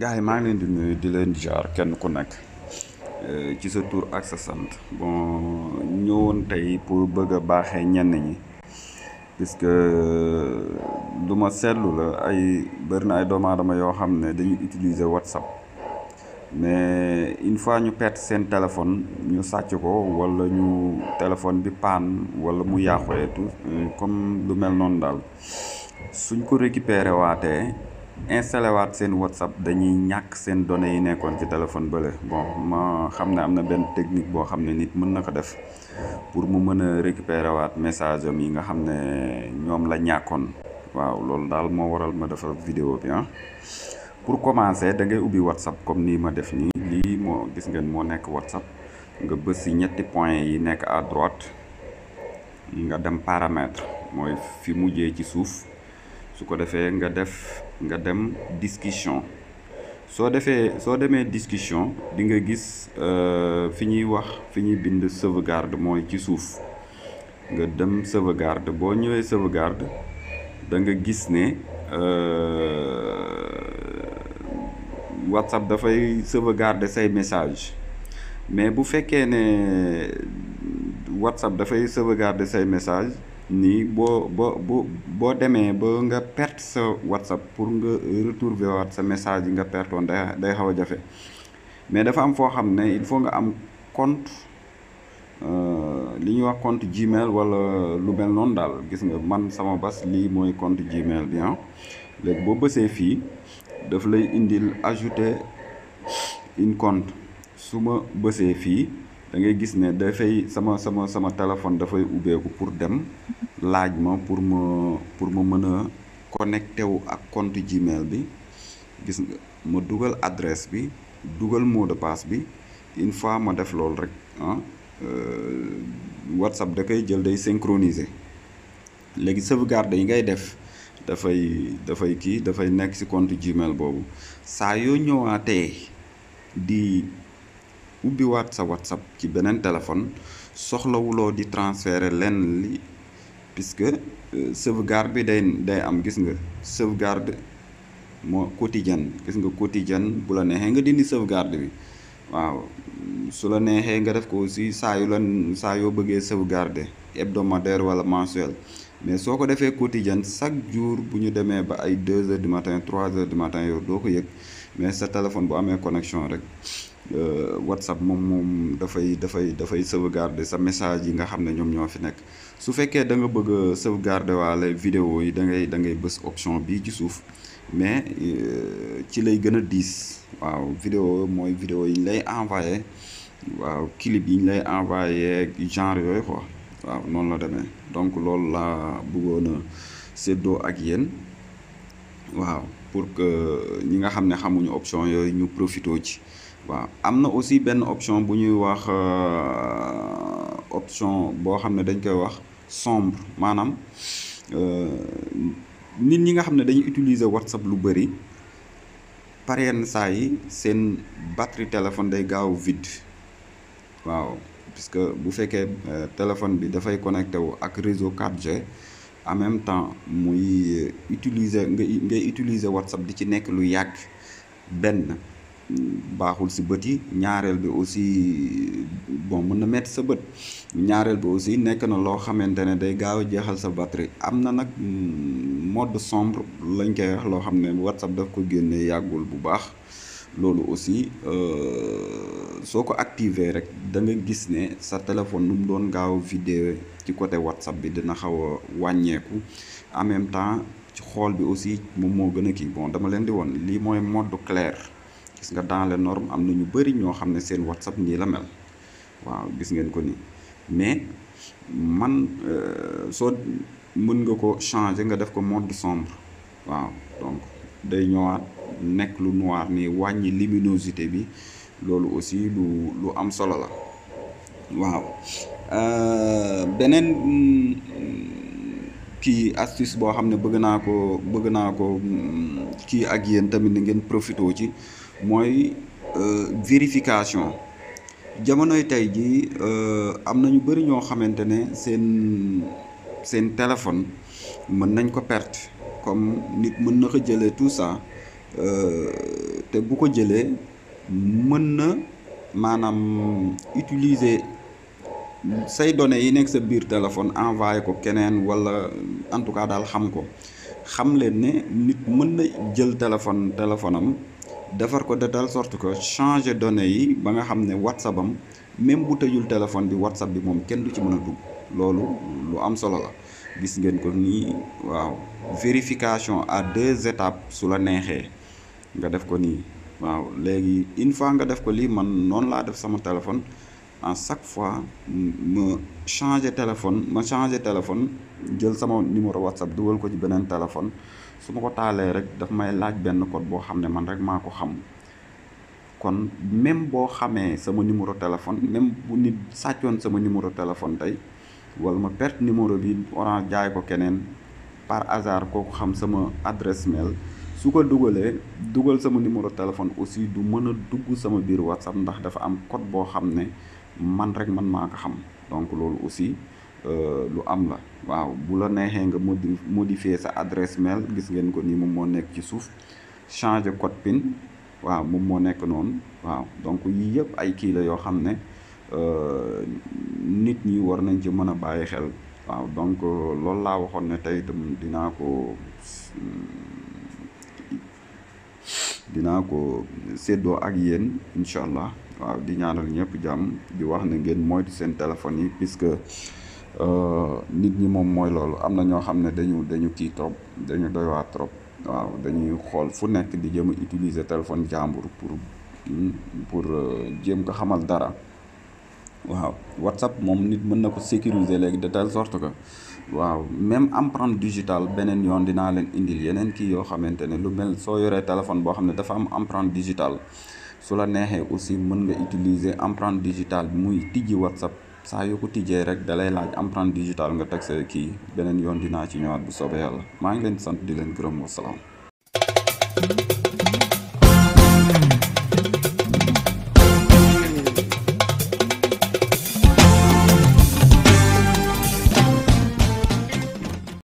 gars yi maa ngi leen di nuy di leen jaar kenn ku nekk eh, ci sa tur ak sa sant bon ñëwoon tey pour bëgg a baaxee ñenn ñi puisque lu ma seetlu la ay bëri na ay doomu aadama yoo xam ne dañuy utiliser WhatsApp mais une fois ñu perte seen téléphone ñu sàcc ko walla ñu téléphone bi paan walla mu yàqu et tout euh, comme lu mel noonu daal suñ ko récupéré waatee. installé waat seen whatsapp dañuy ñàkk seen données yi nekkoon ci téléphone bale bon ma xam ne am na benn technique boo xam ne nit mën na ko def pour mu mën a récupérer waat message am yi nga xam ne ñoom la ñàkkoon waaw loolu daal moo waral ma defar vidéo bi ah pour commencer da ngay ubbi whatsapp comme nii ma def nii lii moo gis ngeen moo nekk whatsapp nga bës ci ñetti point yi nekk à droite nga dem paramètre mooy fi mujjee ci suuf su ko defee nga def nga dem discussion soo defee soo demee discussion di nga gis euh, fi ñuy wax fi ñuy bind sauvegarde mooy ci suuf nga dem sauvegarde boo ñëwee sauvegarde da nga gis ne euh, WhatsApp dafay sauvegarder say message mais bu fekkee ne WhatsApp dafay sauvegarder say message nii boo boo boo boo demee ba nga perte sa whatsapp pour nga retrouver waat sa message yi nga perton day day xaw a jafe mais dafa am foo xam ne il faut nga am compte euh, li ñuy wax compte Gmail wala lu mel noonu daal gis nga man sama bas lii mooy compte Gmail bi ah léegi boo bësee fii daf lay indil ajouter une compte su ma bësee fii. da ngay gis ne dafay sama sama sama téléphone dafay ubbeeku pour dem laaj ma pour ma pour ma mën a connecté wu ak compte Gmail bi gis nga ma dugal adresse bi dugal mot de passe bi une fois ma def loolu rek ah euh, WhatsApp da koy jël day synchroniser léegi sauvegarde yi ngay def dafay dafay kii dafay nekk ci compte Gmail boobu saa yoo ñëwaatee di. ubbiwaat sa whatsapp ci beneen téléphone soxlawuloo di transférer lenn li puisque euh, sauvegarde bi day day am gis nga sauvegarde moo quotidienne gis nga quotidienne bu la neexee nga dindi sauvegarde bi waaw su la neexee nga def ko aussi saa yu la saa yoo bëggee sauvegarder hebdomadaire wala mensuel mais soo ko defee quotidien chaque jour bu ñu demee ba ay 2 heures du matin 3 heures du matin yow doo ko yëg mais sa téléphone bu amee connexion rek Euh, WhatsApp moom moom dafay dafay dafay sauvegarder sa message yi nga xam ne ñoom ñoo fi nekk su fekkee danga bëgg a sauvegarder waale vidéo yi da ngay da bës option bii ci suuf mais euh, ci lay gën a diis waaw vidéo mooy vidéo yi lay envoyé waaw clip yi lay envoyé genre yooyu quoi waaw noonu la demee donc loolu laa bëggoon a séddoo ak yéen waaw pour que euh, ñi nga xam ne xamuñu option yooyu ñu profité ci waaw am na aussi benn option bu ñuy wax euh, option boo xam ne dañ koy wax sombre maanaam euh, nit ñi nga xam ne dañuy utiliser WhatsApp lu bëri par yenn saa yi seen batterie téléphone day gaaw vide waaw puisque bu fekkee euh, téléphone bi dafay connecté wu ak réseau 4G en même temps muy utiliser nga ngay utiliser WhatsApp di ci nekk lu yàgg benn. baaxul si bët yi ñaareel bi aussi bon mën na metti sa bët ñaareel bi aussi nekk na loo xamante ne day gaaw a jeexal sa batterie am na nag mm, mode sombre lañ koy wax loo xam ne WhatsApp daf ko génne yàggul bu baax loolu aussi euh, soo ko activer rek da nga gis ne sa téléphone nu doon gaaw vidéo ci côté WhatsApp bi dina xaw a wàññeeku en même temps ci xool bi aussi moom moo gën a kii bon dama leen di woon lii mooy mode clair gis nga dans les am na ñu bëri ñoo xam ne seen whatsapp nii la mel waaw gis ngeen ko nii mais man euh, soo mën nga ko changer nga def ko mode sombre waaw donc day ñëwaat nekk lu noir nii wàññi luminosité bi loolu aussi lu lu am solo la waaw euh, beneen mm, kii astuce boo xam ne bëgg naa ko bëgg naa ko mm, kii ak yéen tamit ni ngeen profité ci mooy euh, vérification jamonoy tey jii euh, am na ñu bëri ñoo xamante ne seen seen téléphone mën nañ ko perte comme nit mën na ko jëlee tout ça euh, te bu ko jëlee mën na maanaam utiliser say données yi nekk sa biir téléphone envoyé ko keneen walla en tout cas daal xam ko xam leen ne nit mën na jël téléphone téléphone defar ko de telle sorte que changer données yi ba nga xam ne whatsapp am même bu tëjul téléphone bi whatsapp bi moom kenn du ci mën a dugg loolu lu am solo la gis ngeen ko nii waaw vérification à deux étapes su la neexee nga def ko nii waaw léegi une fois nga def ko lii man noonu laa def sama téléphone en chaque fois ma changer téléphone ma changer téléphone jël sama numéro whatsapp dugal ko ci beneen téléphone su ma ko taalee rek daf may laaj benn code boo xam ne man rek maa ko xam kon même boo xamee sama numéro téléphone même bu nit sàccoon sama numéro téléphone tey wala ma perte numéro bi Orange jaay ko keneen par hasard kooku xam sama adresse mail su ko dugalee dugal sama numéro téléphone aussi du mën a dugg sama biir WhatsApp ndax dafa am code boo xam ne man rek man maa ko xam donc loolu aussi Euh, lu am la waaw bu la neexee nga modi modifier sa adresse mail gis ngeen ko nii moom moo nekk ci suuf changer code PIN waaw moom moo nekk noonu waaw donc yii yëpp ay kii la yoo xam ne euh, nit ñi war nañ ci mën a bàyyi xel waaw donc euh, loolu laa waxoon ne tey itam dinaa ko dinaa ko séddoo ak yéen incha allah waaw di ñaanal ñëpp jàmm di wax ne ngeen moytu seen téléphone yi puisque Euh, nit ñi moom mooy loolu am na ñoo xam ne dañu dañu kii trop dañu doy waar trop waaw dañuy xool fu nekk di jéem a utiliser téléphone jàmbur pour hmm, pour euh, jéem ko xamal dara waaw WhatsApp moom nit mën na ko sécuriser léegi de telle sorte que waaw même empreinte digital beneen yoon dinaa leen indil yeneen kii yoo xamante ne lu mel soo yoree téléphone boo xam ne dafa am empreinte digitale su la neexee aussi mën nga utiliser empreinte digitale muy tijji WhatsApp. saa yoo ko tijjee rek dalay laaj empreinte digitale nga teg sa kii beneen yoon dinaa ci ñëwaat bu soobee yàlla maa ngi leen di sant di leen gërëm wasalaam